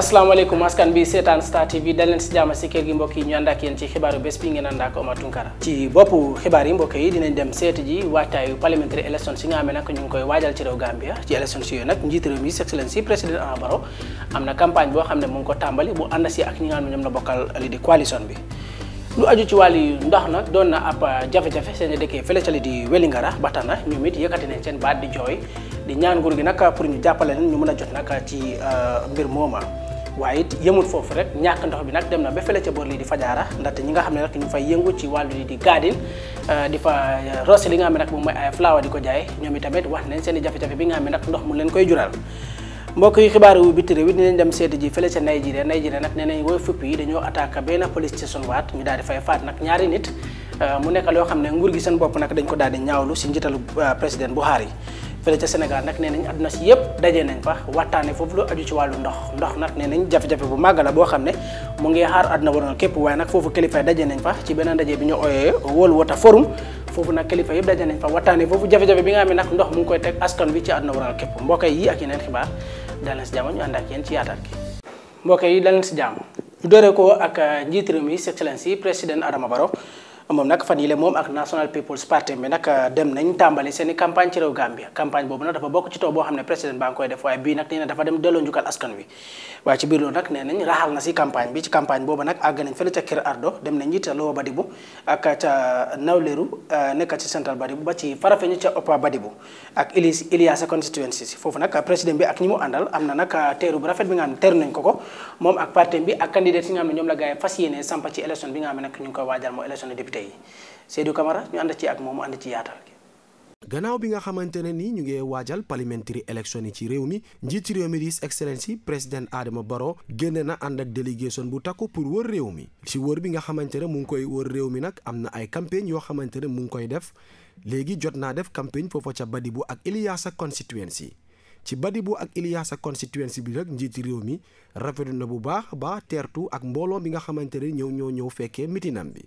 asalaamaaleykum askan bi seetaan Star TV dal leen si jàmm si kër gi mbokk yi ñu ànd ak yéen ci xibaaru bés bi ngeen ànd ak Omar Tunkara ci boppu xibaar yi mbokk yi dinañ dem seeti ji waajtaayu parliamentary election si nga xam ne nag ñu ngi koy waajal ci réew Gambia ci election si yooyu nag njiit réew mi excellence si président Adama Barrow am na campagne boo xam ne mu ngi ko tàmbali bu ànd si ak ñi nga xam ne ñoom la bokkal li di coalition bi lu aju ci wàllu ndox nag doon na ab jafe-jafe seen dëkkee fële ca li di Welingara ba tax na ñoom it yëkkati nañ seen baat di jooy di ñaan nguur gi nag pour ñu jàppale leen ñu mën a jot nag ci euh, mbir mooma waaye it yëmul foofu rek ñàkk ndox bi nag dem na ba fële ca boor lii di Fajaara ndaxte ñi nga xam ne nag ñu fay yëngu ci wàllu li di garden euh, di fa euh, roose li nga xam ne nag moom mooy ay ko jaay ñoom itamit wax nañ seen i jafe bi nga xam ne nag ndox mu leen koy jural mbokk yi xibaaru wu biti réew yi dem seeti ji fële ca Nigeria Nigeria nag nee nañ woy fupp yi dañoo attaque benn police station waat ñu daal di fay faat nag ñaari nit euh, mu nekk loo xam ne nguur gi seen bopp nag dañ ko daal di ñaawlu si njiitalu président Buhari fële ca Sénégal nag nee nañ àdduna si yëpp daje nañ fa waxtaane foofu lu aju ci wàllu ndox ndox nag nee nañ jafe-jafe bu màgg la boo xam ne mu ngi xaar àdduna waroon képp waaye nag foofu kilifa daje nañ fa ci beneen daje bi ñu ooyee World Water Forum foofu nag kilifa yëpp daje nañ fa waxtaane foofu jafe-jafe bi nga xam ne nag ndox mu ngi koy teg askan bi ci àdduna waroon képp mbokk yi ak yeneen xibaar dal na a jàmm ànd ak yéen ci yaatal gi mbokk yi dal si jàmm ñu ko ak njiit réew mi Excellence yi président Adama Barrow moom nag fan yile moom ak National People's Party bi nag euh, dem nañ tàmbali seen campagne ci réew Gambia campagne boobu nag dafa bokk ci taw boo xam ne président baa ngi koy def waaye bii nag nee na dafa dem ci biir loolu nag nee nañ ci campagne boobu nag euh, ci Central ba ci Farafenni ca Upper Badibu ak Ilis foofu nag président bi ak ñi mu àndal am na nag euh, teeru bu rafet bi nga xam teeru nañ ko ko moom ak parti bi ak candidat yi nga xam ne ñoom la tey Seydou Camara ñu ànd ci ak moom mu ànd ci yaatal gi. gannaaw bi nga xamante ne ni ñu ngi waajal parliamentary election yi ci réew mi njiiti réew mi di His Excellency président Adama Barrow génne na ànd ak délégation bu takk pour wër réew mi ci wër bi nga xamante ne mu ngi koy wër réew mi nag am na ay campagne yoo xamante ne mu ngi koy def léegi jot naa def campagne foofu ca Badibou ak Iliasa constituency ci Badibou ak Iliassa constituency bi rek njiiti réew mi rafetlu na bu baax a baax teertu ak mbooloo mi nga xamante ne ñëw ñoo ñëw fekkee mitinam bi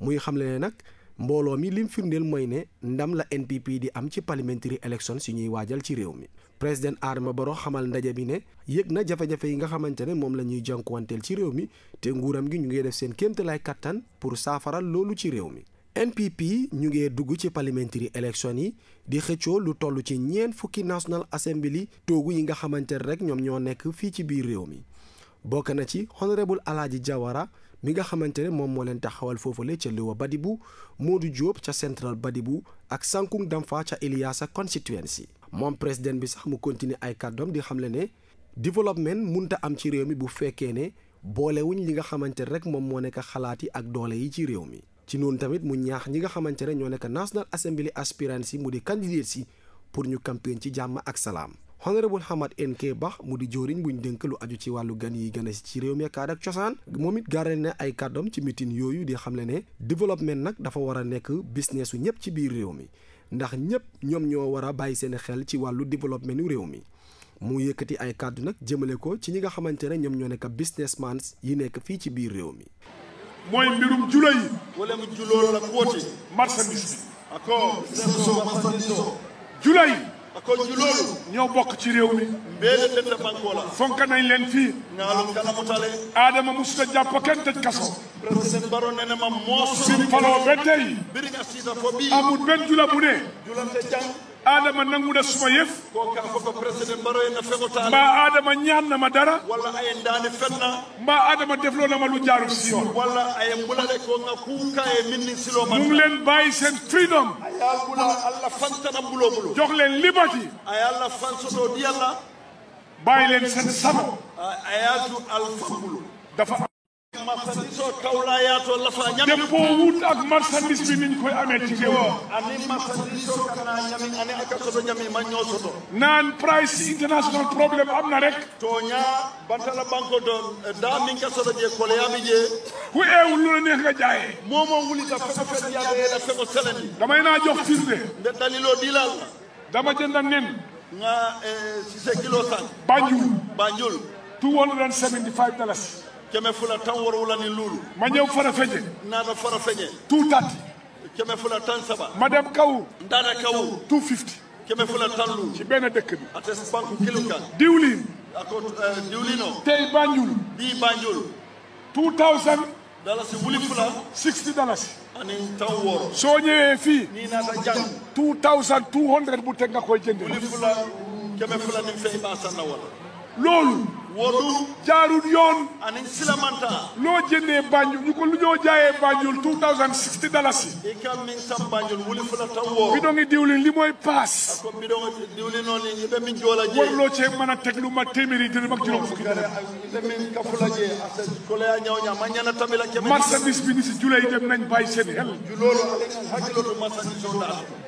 muy xamle ne nag mbooloo mi lim firndeel mooy ne ndam la NPP di am ci parliamentary election si ñuy waajal ci réew mi président Adama Barrow xamal ndaje bi ne yëg na jafe-jafe yi nga xamante ne moom la ñuy jànkuwanteel ci réew mi te nguuram gi ñu ngi def seen kéemtalaay kattan pour saafaral loolu ci réew mi NPP ñu ngee dugg ci parliamentary election yi di xëccoo lu toll ci ñeent fukki National Assembly toogu yi nga xamante rek ñoom ñoo nekk fii ci biir réew mi bokk na ci honorable Alaaji Jawara mi nga xamante ne moom moo leen taxawal foofule ca Lower moo Modou Diop ca Central Badibou ak Sankung Damfa ca Iliasa constituency moom président bi sax mu continuer ay kàddoom di xamle ne développement munta am ci réew mi bu fekkee ne boolewuñ li nga xamante rek moom moo nekk xalaat yi ak doole yi ci réew mi ci noonu tamit mu ñaax ñi nga xamante ne ñoo nekk National Assembly aspirants yi mu di candidates si pour ñu campagne ci jàmm ak salaam. Honorable Hamad NK bax mu di jëwriñ buñ dénk lu aju ci wàllu gan yi gën a ci réew mi ak ak cosaan moom it garal na ay kàddoom ci mitin yooyu di xam ne ne développement nag dafa war a nekk business su ci biir réew mi ndax ñëpp ñoom ñoo war a bàyyi seen xel ci wàllu développement réew mi. mu yëkkati ay kàddu nag jëmale ko ci ñi nga xamante ne ñoom ñoo nekk businessman yi nekk fii ci biir réew mi. mooy mbirum jula yi. wala mu juloo la kóoti. marchandise bi. d'accord a ko o. jula yi. juloolu ñoo bokk ci réew mi. mbéele dënd bankoo la. fonk nañ leen fii. ngaalum kalamutale. Adama musuta jàpp kenn tëj kaso. président Baro nee na ma moo. suñ faloo ba tey. biri nga siita fo bii. amul benn jula bu adama nanguda suma yëf ko kan fof ko président mbaro en fegota mba adama ñaannama dara walla aye ndaani fenna mba adama defloonama lu jaaru siyon walla aye mbulale ko nga kuuka e minni silo man mu ngi leen bàyyi seen freedom aya a allah a bulo bulo jox leen a aya allah fansoto di yàlla bàyyi leen seen samo ayatu alfa bulo dafa marchandise o tawla yaato lafa ñami debbo wut ak marchandise bi niñ koy amee ci réew ani marchandise o kana ñami ani aka soto ñami ma ñoo soto naan price international problème am da min ka soto je kole yaami je ku eew lu la neex nga jaayee moomoo wulita feko fen yaade yeeda feko seleni damay kɛmɛ fila tan wɔɔrɔwula ni luulu maɲɛw farafɛɲɛ naata farafɛɲɛ tuu tati kɛmɛ fila tan saba madam kawu ndaada kawu tuu fifti kɛmɛ fila tan lu ci bɛɛ na dëkk bi a tɛ banku kelen kan diwlin a ko eh, diwlino tey banjul bii banjul two thousand dalasi wuli fula sixty dalasi ani tan wɔɔrɔ soo ñëwee fii nii naata jàng two thousand two hundred bu teg nga koy jënde wuli fula kɛmɛ fila ni fɛn a b'a sanna wala loolu wolu jaarul yoon anin silamanta loo jëndee Banjul ñu ko lu ñoo jaayee Banjul two thousand sixty dalasi i ka min sam Banjul wuli fula taw woo bidongi diwlin paas ko bidongi diwlin noon a teg lu ma téeméeri dina mag juróom fukki dara be min ka fula jee asa kolaya ñaw ñaa ma ñana tamila kemi marchandise bi ni si julay dem nañ bàyyi seen xel juloolu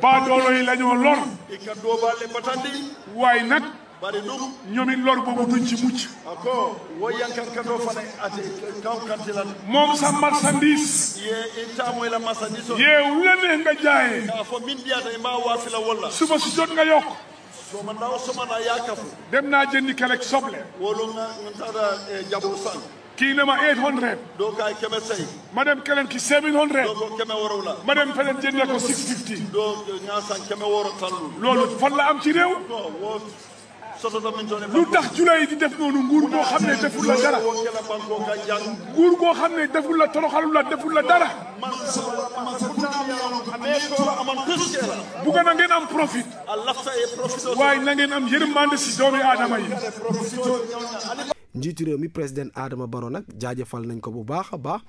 baa doolo yi la i ka doobaalle batandi waaye nag bari ɗum ñomin lor bobo duñ ci mucc ko wo yankankato ate kaw kantilan mom sa marchandise ye intamoyla marchandise o ye wulane nga jaaye ka fo min ndiyata e ma waafila wolla suba si nga yokk soma ndaw somana yakafu dem naa jëndi kelek soble wolu nga ntada e jabu sang kii ne ma 800. doo kaay keme say. ma dem keneen ki 700. doo ko ma dem feneen jëndee ko 650. doo ñaasa keme loolu fan la am ci réew. lu tax jula yi di def noonu nguur goo xam ne deful la dara nguur goo xam ne deful la toroxalu la deful la dara bugga na am profit waaye na ngeen am yërmande si doomi aadama yi njiitu réew mi président Adama Barrow nag jaajëfal nañ ko bu baax a baax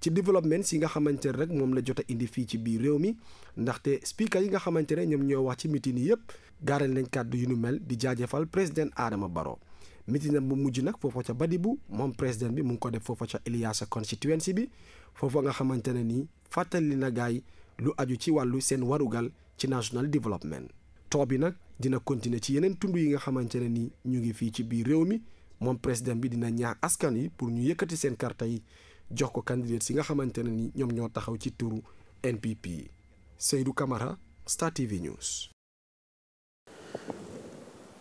ci développement yi nga xamante ne rek moom la jot a indi fii ci biir réew mi ndaxte speaker yi nga xamante ne ñoom ñoo wax ci mitin yi yëpp gaaral nañ kàddu yu nu mel di jaajafal président Adama Barrow mitinam bu mujj nag foofa ca Badibou moom président bi mu ngi ko def foofa ca Eliasa constituency bi foofa nga xamante ne nii fàttali na gaay lu aju ci wàllu seen warugal ci national development. too bi nag dina continuer ci yeneen tund yi nga xamante ne nii ñu ngi fii ci biir réew mi moom président bi dina ñaax askan yi pour ñu yëkkati seen karta yi jox ko candidat yi nga xamante ne nii ñoom ñoo taxaw ci turu NPP Seydou Camara Star TV News.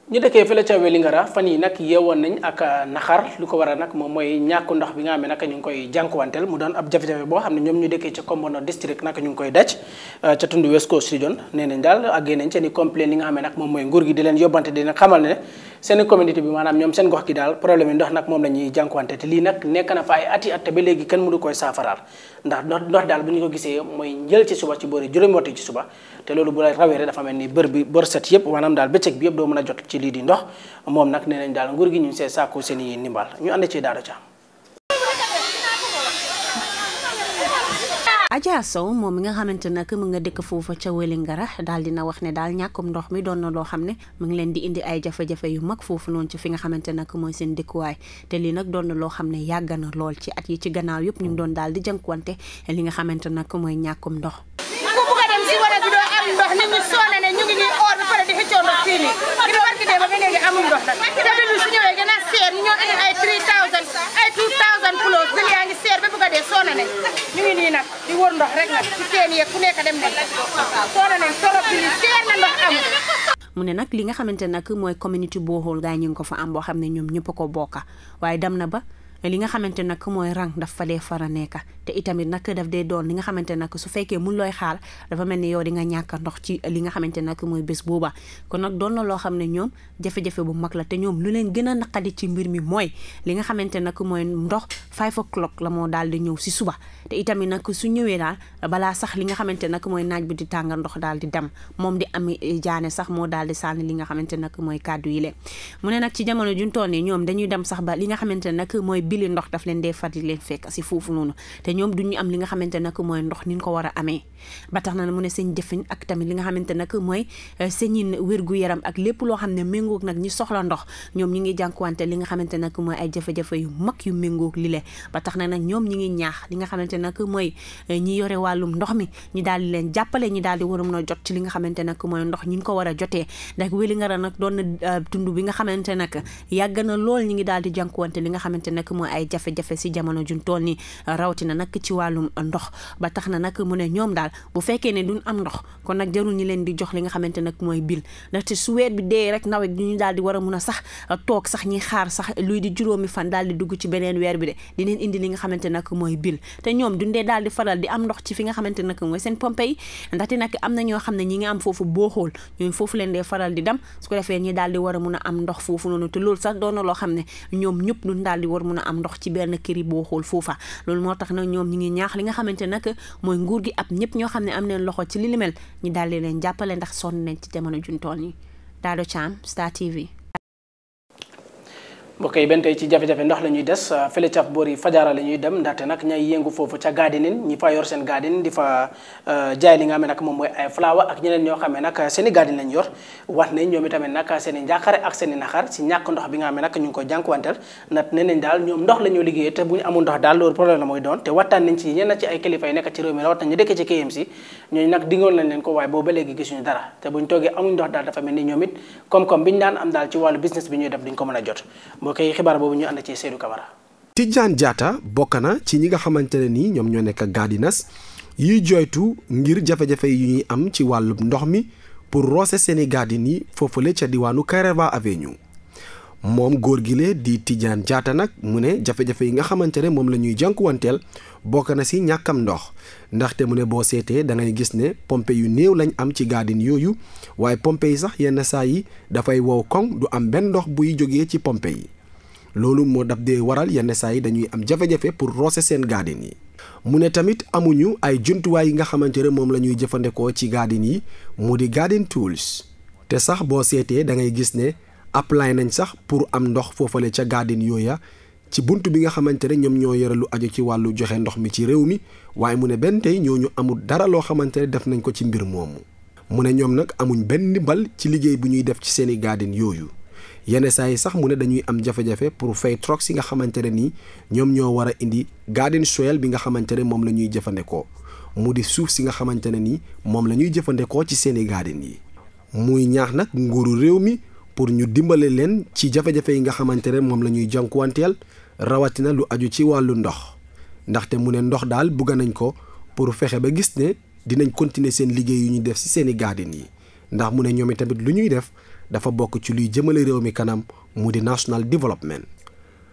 ñu dëkkee fële ca Wélingara fan yi nag yeewoon nañ ak euh, naxar lu ko waral nag moom mooy ñàkk ndox bi nga xam ne nag ñu ngi koy jànkuwanteel mu daan ab jafe-jafe boo xam ne ñoom ñu dëkkee ca Kombono district nag ñu ngi koy daj euh, ca tund West Coast Region nee nañ daal àggee nañ ca ni complain li nga xam ne nag moom mooy nguur gi di leen yóbbante di leen xamal ne seen communauté bi maanaam ñoom seen gox gi daal problème yi ndox nag moom la ñuy jànkuwante te lii nag nekk na fa ay ati at te ba léegi kenn mënu koy saafaraal ndax ndox ndox daal bu ñu ko gisee mooy njël ci suba ci boori juróomi waxtu ci suba te loolu bu la rawee rek dafa mel ni bër bi bër set yëpp maanaam daal bëccëg bi yëpp doo mën a jot ci lii di ndox moom nag ne nañ daal nguur gi ñu see saako seen i ndimbal ñu ànd ci daado ca Adja Sow moom mi nga xamante nag mu nga dëkk foofa ca Wélingara daal dina wax ne daal ñàkkum ndox mi doon na loo xam ne mu ngi leen di indi ay jafe-jafe yu mag foofu noonu ci fi nga xamante nag mooy seen dëkkuwaay te lii nag doon na loo xam ne yàgg na lool ci at yi ci gannaaw yëpp ñu ngi doon daal di jànkuwante li nga xamante nag mooy ñàkkum ndox fii dee ba léegi amul ndox nag te dund ñëwee ngi nag di wër ndox rek nag ci seer na ndox amul mu ne nag li nga xamante nag mooy community borehole gaa ñu ko fa am boo xam ne ñoom ñëpp a ko bokka waaye dem na ba li nga xamante nag mooy rang daf fa dee fara nekka te itamit nag daf dee doon li nga xamante nag su fekkee mun looy xaar dafa ni yow di nga ñàkk ndox ci li nga xamante nag mooy bés booba kon nag doon na loo xam ne ñoom jafe bu mag la te ñoom lu leen gën a naqadi ci mbir mi mooy li nga xamante nag mooy ndox five la moo daal di ñëw si suba te itamit nag su ñëwee daal balaa sax li nga xamante nag mooy naaj bi di tànga ndox daal di dem moom di am jaane sax moo daal di sànni li nga xamante nag mooy kàddu yi leen mu ne nag ci jamono juntoon ne ñoom dañuy dem sax ba li nga xamante nag mooy bili ndox daf leen dee far di leen fekk si foofu noonu ñoom duñu am li nga xamante nag mooy ndox ni ñu ko war amee ba tax na mu ne seen jëfin ak tamit li nga xamante nag mooy euh, seenin wér-gu-yaram ak lépp loo xam ne méngoog nag ñi soxla ndox ñoom ñi ngi jànkuwante li nga xamante nag mooy ay jafe-jafe yu mag yu méngoog li le tax na nag ñoom ñi ngi ñaax li nga xamante nag mooy euh, ñi yore wàllum ndox mi ñi daal di leen jàppale ñi daal di war a mën a jot ci li nga xamante nag mooy ndox ñi ko war a jotee ndax wéli nga ra nag doon na euh, tund bi nga xamante nag yàgg na lool ñi ngi daal di jànkuwante li nga xamante nag mooy ay jafe-jafe si jamono juñ tool ni rawatina nag ñàkk ci wàllum ndox ba tax na nag mu ne ñoom daal bu fekkee ne du am ndox kon nag jarul ñi leen di jox li nga xamante nag mooy bil ndaxte su weer dee rek nawet ñu daal di war a mun a sax toog sax ñi xaar sax luy di juróomi fan daal di dugg ci beneen weer bi de di leen indi li nga xamante nag mooy bil te ñoom dundee daal di faral di am ndox ci fi nga xamante nag mooy seen pompe yi ndaxte nag na ñoo xam ne ñi nga am foofu boo xool ñooñu foofu leen dee faral di dem su ko defee ñi daal di war a mun a am ndox foofu noonu te loolu sax doona loo xam ne ñoom ñëpp duñ daal di war mun a am ndox ci benn këri boo xool foofa loolu moo tax nag ñoom ñi ngi ñaax li nga xamante nag mooy nguur gi ab ñëpp ñoo xam ne am neen loxo ci li li mel ñu daal di leen jàppale ndax sonn nañ ci jamono juntool ñi Dado Thiam Star TV mbokk yi benn tey ci jafe-jafe ndox la ñuy des euh, fële ca boori fajaara la ñuy dem ndaxte nag ñay yëngu foofu ca gardening ñi fa yor seen garden di fa euh, jaay li nga xam ne moom mooy ay flower ak ñoo xam ne nag seen i garden lañ yor wax nañ ñoom itamit nag seen i njàqare ak seen i naxar si ñàkk ndox bi nga xam ne ñu ngi ko jànkuwanteel nag ne nañ daal ñoom ndox la ñuy liggéeyee te bu ñu amul ndox daal loolu problème la mooy doon te waxtaan nañ ci ñenn ci ay kilifa yi nekk ci réew mi la waxtaan ñu dëkkee ci KMC ñooñu nag dingoon lañ leen ko waaye boobu léegi gisuñu dara te buñ toogee amuñ it koom-koom biñu daan am daal ci wàllu business bi ko mën a mbokk yi xibaar boobu ñu ci Seydou Camara. Tidjane Diatta bokk na ci ñi nga xamante ne nii ñoom ñoo nekk gardinas yiy jooytu ngir jafe-jafe yu ñuy am ci wàllu ndox mi pour roose seeni gardin yi foofule ca diwaanu Kairaba Avenue moom góor gi le di Tidjane jaata nag mu ne jafe-jafe yi nga xamante ne moom la ñuy jànkuwanteel bokk na si ñàkkam ndox ndaxte mu ne boo seetee da gis ne pompe yu néew lañ am ci gardin yooyu waaye pompe yi sax yenn saa yi dafay wow koŋ du am benn ndox buy jógee ci pompe yi loolu moo daf dee waral yenn saa yi dañuy am jafe-jafe pour roose seen garden yi mu ne tamit amuñu ay jumtuwaay yi nga xamante ne moom la ñuy jëfandikoo ci garden yi mu di garden tools te sax boo seetee da ngay gis ne apply nañ sax pour am ndox foofale ca garden yooya ci bunt bi nga xamante ne ñoom ñoo yore lu aju ci wàllu joxe ndox mi ci réew mi waaye mu ne benn tey ñooñu amul dara loo xamante ne def nañ ko ci mbir moomu mu ne ñoom nag amuñ benn ndimbal ci liggéey bu ñuy def ci seeni garden yooyu yenn saa yi sax mu ne dañuy am jafe-jafe pour fay trox yi nga xamante ne nii ñoom ñoo war a indi garden soil bi nga xamante ne moom la ñuy jëfandikoo mu di suuf si nga xamante ne nii moom la ñuy jëfandikoo ci seeni garden yi muy ñaax nag nguuru réew mi pour ñu dimbale leen ci jafe-jafe yi nga xamante ne moom la ñuy jànkuwanteel rawatina lu aju ci wàllu ndox ndaxte mu ne ndox daal bugg nañ ko pour fexe ba gis ne dinañ continuer seen liggéey yu ñuy def si seeni garden yi ndax mu ne ñoomi tamit lu ñuy def dafa bokk ci luy jëmale réew mi kanam mu di national development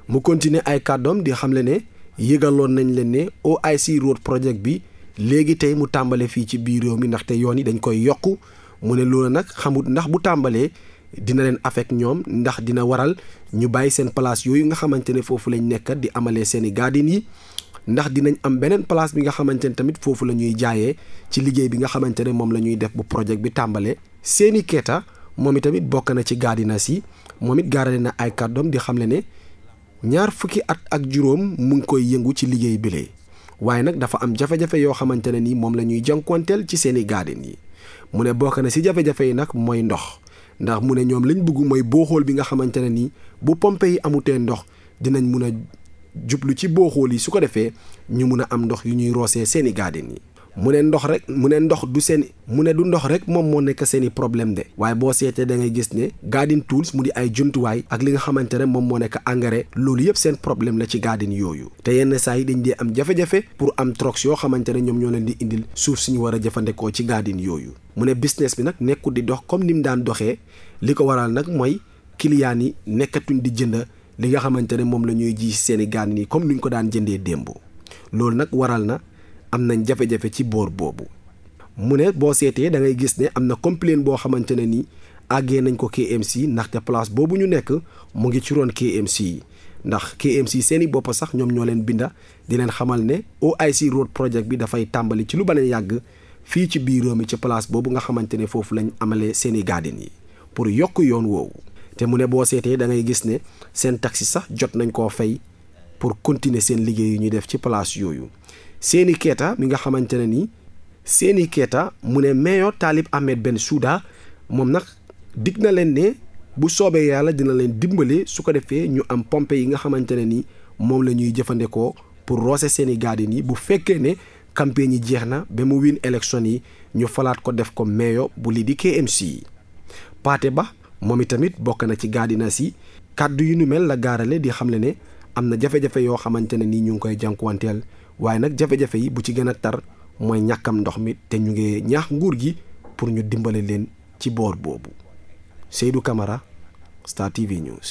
mu continuer ay kàddoom di xamle ne yëgaloon nañ leen ne OIC road project bi léegi tey mu tàmbale fii ci biir réew mi ndaxte yoon yi dañ koy yokk mu ne loolu nag xamut ndax bu tàmbalee dina leen affect ñoom ndax dina waral ñu bàyyi seen place yooyu nga xamante ne foofu lañ nekkat di amalee seeni garden yi ndax dinañ am beneen place bi nga xamante ne tamit foofu la ñuy jaayee ci liggéey bi nga xamante ne moom la ñuy def bu projet bi tàmbale seeni keeta moom itamit bokk na ci gardinas si moom it gaarale na ay kàddoom di xamle ne ñaar fukki at ak juróom mu ngi koy yëngu ci liggéey bile waaye nag dafa am jafe-jafe yoo xamante ne ni moom la ñuy jànkuwanteel ci seeni garden yi mu ne bokk na si jafe-jafe yi nag mooy ndox ndax mu ne ñoom lañ bëgg mooy booxool bi nga xamante ne ni bu pompe yi amutee ndox dinañ mun a jublu ci booxool yi su ko defee ñu mun a am ndox yu ñuy roosee seeni garden yi mu ne ndox rek mu ne ndox du seen mu ne du ndox rek moom moo nekk seen i problème de waaye boo seetee da ngay gis ne garden tools mu di ay jumtuwaay ak li nga xamante ne moom moo nekk engrais loolu yëpp seen problème la ci garden yooyu te yenn saa yi dañ dee am jafe-jafe pour am trox yoo xamante ne ñoom ñoo leen di indil suuf si ñu war a jëfandikoo ci garden yooyu mu ne business bi nag nekkul di dox comme ni mu daan doxee li ko waral nag mooy clients yi nekkatuñ di jënd li nga xamante ne moom la ñuy ji seen i comme ni ñu ko daan jëndee démb loolu nag waral na am nañ jafe-jafe ci boor boobu mu ne boo seetee da ngay gis ne am na complainte boo xamante ne ni àggee nañ ko KMC ndaxte place boobu ñu nekk mu ngi ci roon KMC yi ndax KMC seen i bopp sax ñoom ñoo leen binda di leen xamal ne OIC road project bi dafay tàmbali ci lu baneen yàgg fii ci biir réew mi ci place boobu nga xamante ne foofu lañ amalee seen i garden yi pour yokk yoon woowu te mu ne boo seetee da ngay gis ne seen taxi sax jot nañ koo fay pour continuer seen liggéey yu ñuy def ci place yooyu seeni keeta mi nga xamante ne nii seeni keeta mu ne taalib Talib benn Bensouda moom nag dig na leen ne bu soobee yàlla dina leen dimbale su ko defee ñu am pompe yi nga xamante ne nii moom la ñuy jëfandikoo pour roose seeni garden yi bu fekkee ne campagne yi jeex na ba mu win élection yi ñu falaat ko def ko meilleur bu lii di KMC yi Paate Ba moom itamit bokk na ci gardinas yi kàddu yu nu mel la gaarale di xam ne am na jafe-jafe yoo xamante ne nii ñu ngi koy jànkuwanteel waaye nag jafe-jafe yi bu ci gën a tar mooy ñàkkam ndox mi te ñu ngi ñax nguur gi pour ñu dimbale leen ci boor boobu Seydou Camara Star TV News.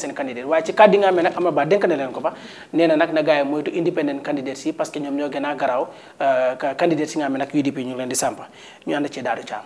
seen candidate waaye ci kàddu yi nga xam nag Amadou Ba dénk na leen ko fa nee na nag na gars yi moytu independent candidate si parce que ñoom ñoo gën a garaaw euh, candidate si nga xam nag UDP ñu leen di samp ñu ànd ci daadu caam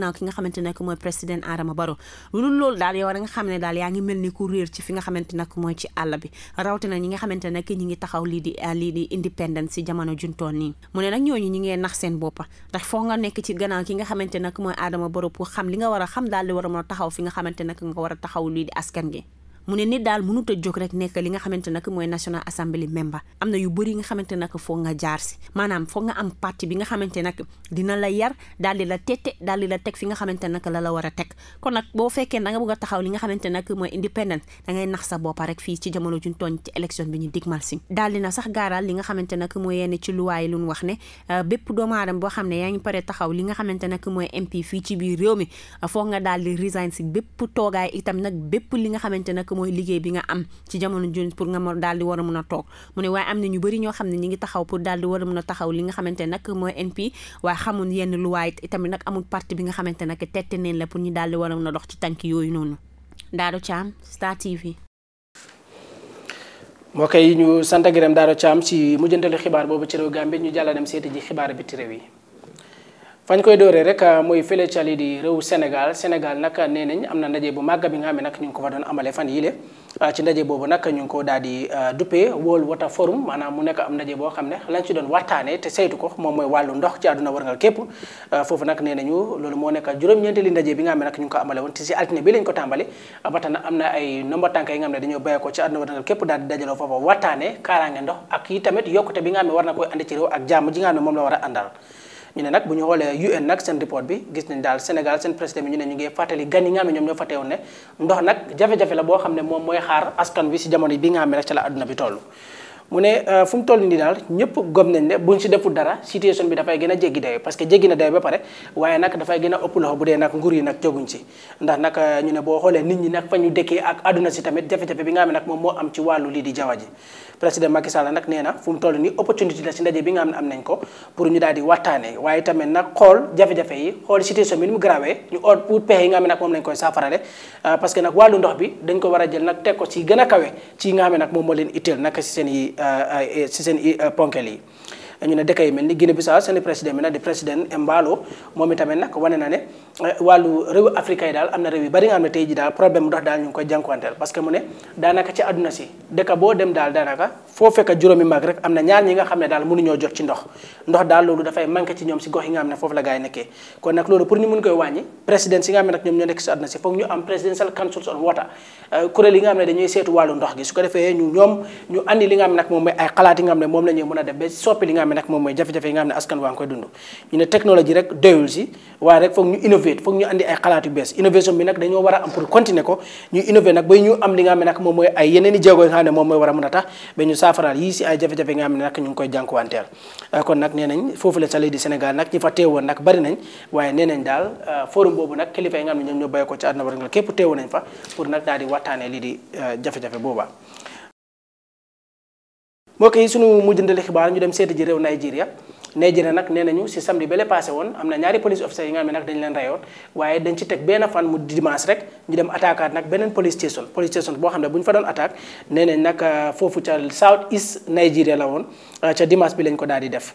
gannaaw ki nga xamante nag mooy président Adama Barrow lu dul loolu daal yow war nga ne daal yaa ngi mel ni ku réer nga xamante nag mooy ci àll bi rawatina ñi nga xamante nag ñi ngi taxaw lii di lii di indépendance si jamono juntoon nii mu ne nag ñooñu ñu ngee nax seen boppa ndax foo nga nekk ci gannaaw ki nga xamante nag mooy Adama Barrow pour xam li nga war a xam daal di war a mën a taxaw fi nga xamante nag nga war a taxaw lii di askan gi mu ne nit daal mënut a jóg rek nekk li nga xamante nag mooy National Assembly member am na yu bëri yi nga xamante nag foog nga jaar si maanaam foog nga am parti bi nga xamante nag dina la yar daal di la tette daal di la teg fi nga xamante nag la la war a teg kon nag boo fekkee da nga bëgg a taxaw li nga xamante nag mooy independent da ngay nax sa boppa rek fii ci jamono juñ tooñ ci élection bi ñu digmal si daal dina sax gaaral li nga xamante nag mooy yenn ci luwaay lu ñu wax ne euh, bépp doomu aadama boo xam ne yaa ngi pare taxaw li nga xamante nag mooy MP fii ci biir réew mi foog nga daal di resign si bépp toogaay itam nag bépp li nga xamante nag mooy liggéey bi nga am ci jamono jun pour nga daal di war a mën a toog mu ne waaye am na ñu bëri ñoo xam ne ñi ngi taxaw pour daal di war a a taxaw li nga xamante nag mooy NP waaye xamul yenn luwaay itamit nag amul parti bi nga xamante nag tette neen la pour ñu daal di war a mën a dox ci tànk yooyu noonu Dado Thiam Star TV moo koy ñu sant gërëm Dado Thiam ci mujjantali xibaar boobu ci réew Gambie ñu jàlla dem seeti ji xibaar bi ci réew yi fañ koy dooree rek ah, muy fële ca lii di réew Sénégal Sénégal nag ah, nee nañ am na ndaje bu màgg bi nga xam ne nag ñu ko fa doon amale fan yii le ah, ci ndaje boobu nag ko daal di duppee World Water Forum maanaam mu nekk am ndaje boo xam ne lañ ci doon waxtaanee te saytu moom mooy wàllu ndox ci àdduna warngal képp foofu nag nee nañu loolu moo nekk juróom-ñeenteeli ndaje bi nga xam ne nag ñu ngi ko amale woon te si altine bi lañ ko tàmbali ba tax na am na ay nomba tànk yi nga xam dañoo bàyyi ko ci àdduna warngal képp daal di dajaloo foofa waxtaanee kaaraange ndox ak yi tamit yokkute bi nga xam war na koy andi ci réew ak jàmm ji nga xam a àndal ñu ne nag bu ñu xoolee UN nag seen report bi gis nañ daal Sénégal seen président bi ñu ne ñu ngi fàttali gan yi nga ñoom ñoo fàttewoon ne ndox nag jafe-jafe la boo xam ne moom mooy xaar askan wi si jamono bi nga xam ne rek ca la adduna bi toll mu ne euh, fu mu toll nii daal ñëpp gom nañ ne buñ si deful dara situation bi dafay gën a jéggi dayo parce que jéggi na dayo ba pare waaye nag dafay gën a ëpp loxo bu dee nag nguur yi nag joguñ si ndax nag euh, ñu ne boo xoolee nit ñi nag fa ñu dëkkee ak àdduna si tamit jafe bi nga xam ne nag moo am ci wàllu lii di jaww ji président Macky Sall nag nee na fu mu toll nii opportunité si ndaje bi nga xam ne am nañ ko pour ñu daal di waxtaanee waaye tamit nag xool jafe-jafe yi xool situation bi mu grawee ñu oot pour yi nga xam ne nag moom lañ koy saafarale euh, parce que nag wàllu ndox bi dañ ko war a jël nag teg ko si gën a kawe ci nga xam ne nag moom moo leen itteel nag si seen yi Euh, euh, ci seen i euh, ponkal yi ñu ne dëkk yu mel ni Guinée Bissau seen président bi nag di président Embalo moom itamit nag wane na ne eh, wàllu réew africain yi daal am na réew yu bari nga xam ne tey ji daal problème si dëkk am ne daal ñoom ñu nekk si àdduna si foog ñu am presidential councils on water eh, kuréel yi nga xam ne dañuy seetu wàllu ndox gi su ko defee ñu ñoom ñu andi li nga xam ne nag moom mooy ay xalaat nga xam ne moom la mën a def ba soppi li nga xam moom mooy jafe-jafe yi nga xam ne askan waa ngi koy dund ñu ne technologie rek doyul waaye rek foog ñu innovate foog ñu andi ay xalaatu bees innovation bi nag dañoo war a am pour continuer ko ñu innové nag bay ñu am li moom mooy ay yeneen i jéego moom mooy war a mën a tax si ay jafe-jafe yi nga xam ne nag ñu ngi koy jànkuwanteel euh, nañ foofu la sale di Sénégal nag ñi fa teewoon nag bari nañ waaye nee nañ daal euh, forum boobu nag kilifa yi nga xam ne ñoom ñoo bàyyi ko ci àdduna war képp teewoon nañ fa pour nag daal di waxtaanee lii di euh, jafe-jafe boobaa mbokk yi sunu mujjantali xibaar ñu dem seeti ji réew Nigeria Nigeria nag nee nañu si samedi bale passé woon am na ñaari police officer yi nga xam ne nag dañ leen reyoon waaye dañ ci teg benn fan mu dimanche rek ñu dem attaquaat nag beneen police station police station boo xam ne bu ñu fa doon attaque nee nañ nag euh, foofu ca South East Nigeria la woon euh, ca dimanche bi lañ ko daal di def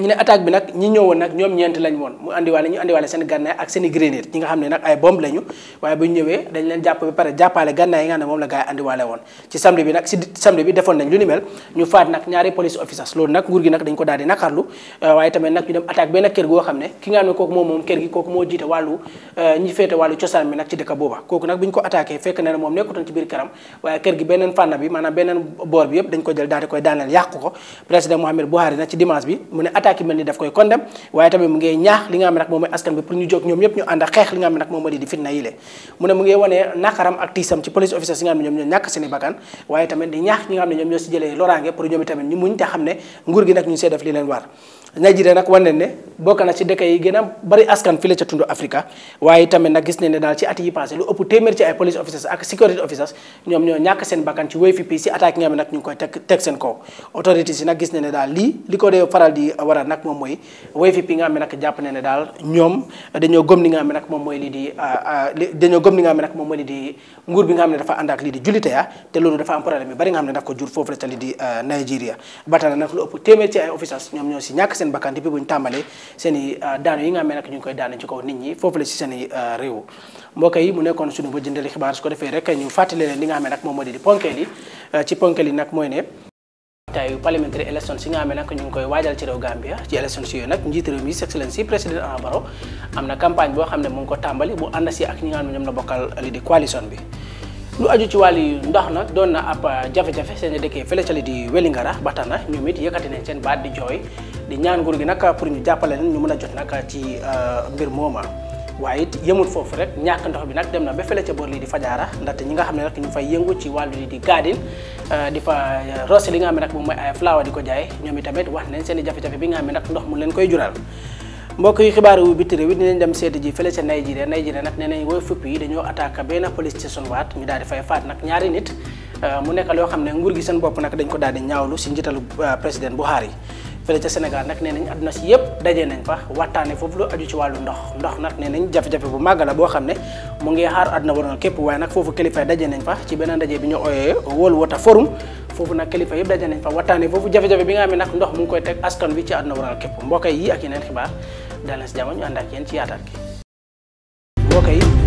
ñu ne attaque bi nag ñi ñëwoon nag ñoom woon mu andiwaale ñu andiwaale seen gànnaay ak seen i grenade ñi nga xam ne nag ay bombe lañu waaye bu ñu ñëwee dañ leen jàpp ba pare jàppaale gànnaay yi nga xam ne moom la gars yi andiwaale woon ci samedi bi nag si defoon nañ lu ni mel ñu faat nag ñaari police officers loolu nag nguur gi nag dañ ko daal di nakarlu euh, waaye tamit nag ñu dem attaque benn kër goo xam ne ki nga xam ne kooku moom kër gi kooku moo jiite euh, ko attaqué attaque yu mel ni daf koy condamné waaye tamit mu ngi ñaax li nga xam ne nag moom mooy askan bi pour ñu jóg ñoom ñëpp ñu ànd ak xeex li nga xam ne moom moo di di fitna yile mu ne mu ngi wanee naqaram ak tiisam ci police officers yi nga xam ne ñoom ñoo seeni bakkan waaye tamit di ñaax ñi nga xam ñoom ñoo si jëlee loraange pour ñoom tamit ñu muñ te xam ne nguur gi nag ñu see def leen war Nigeria nag wane ne bokk na ci dëkk yi gën a bari askan fii la ca tundu Afrika waaye tamit nag gis nañ ne daal ci at yi passé lu ëpp téeméer ci ay police officers ak security officers ñoom ñoo ñàkk seen bakkan ci ne nag ñu ngi koy teg mooy wéy fi pii ne nag jàpp daal ñoom dañoo gëm li moom mooy lii di ah, ah, dañoo moom mooy lii di nguur bi nga xam ne dafa ànd ak lii di jullite ah, Nigeria ba nag lu ëpp téeméer ci ay officers ñoom ñoo si ñàkk seen bakkan depuis bu ñu tàmbalee i euh, daanu yi nga xam ne nag ñu ngi koy daanu ci kaw nit ñi foofu la si seen euh, réew mbokk yi mu nekkoon suñu ba jëndali xibaar su ko defee rek ñu fàttali leen li nga xam ne moom moo di di ponkeel euh, ci ponkeel yi mooy ne taayu parliamentary élection si nga xam ne ñu ngi koy waajal ci réew Gambia ci élection yooyu nag njiit réew mi His Excellency président Adama am na campagne boo xam ne mu ko tàmbali bu ànd si di ñaan nguur gi nag pour ñu jàppale leen ñu a jot nag ci euh, mbir mooma waaye it foofu rek ñàkk ndox bi nag dem na ba fële ca boor lii di fajaara ndaxte ñi nga xam ne nag ñu fay yëngu ci wàllu li di garden euh, di fa euh, roose li nga xam ne nag moom mooy ko jaay ñoom itamit wax nañ seen i jafe bi nga xam ne nag ndox mu leen koy jural mbokk yi xibaar yu biti réew dem seeti ji fële ca Nigeria Nigeria nag nee nañ woy fupp yi dañoo attaqué benn police station waat ñu daal di fay faat nag ñaari nit mu nekk loo xam ne nguur gi seen bopp nag dañ ko daal di ñaawlu si njiitalu président Buhari fële ca Sénégal nag nee nañ àdduna si yëpp dajee nañ fa waxtaane foofu lu aju ci wàllu ndox ndox nag nee nañ jafe-jafe bu màgg la boo xam ne mu ngi xaar àdduna waroon képp waaye nag foofu kilifa dajee nañ fa ci beneen ndaje bi ñu ooyee World Water Forum foofu nag kilifa yëpp dajee nañ fa waxtaane foofu jafe-jafe bi nga xam ne nag ndox mu ngi koy teg askan bi ci àdduna waroon képp mbokk yi ak yeneen xibaar dal na si jamono ñu ànd ci yaatal gi mbokk yi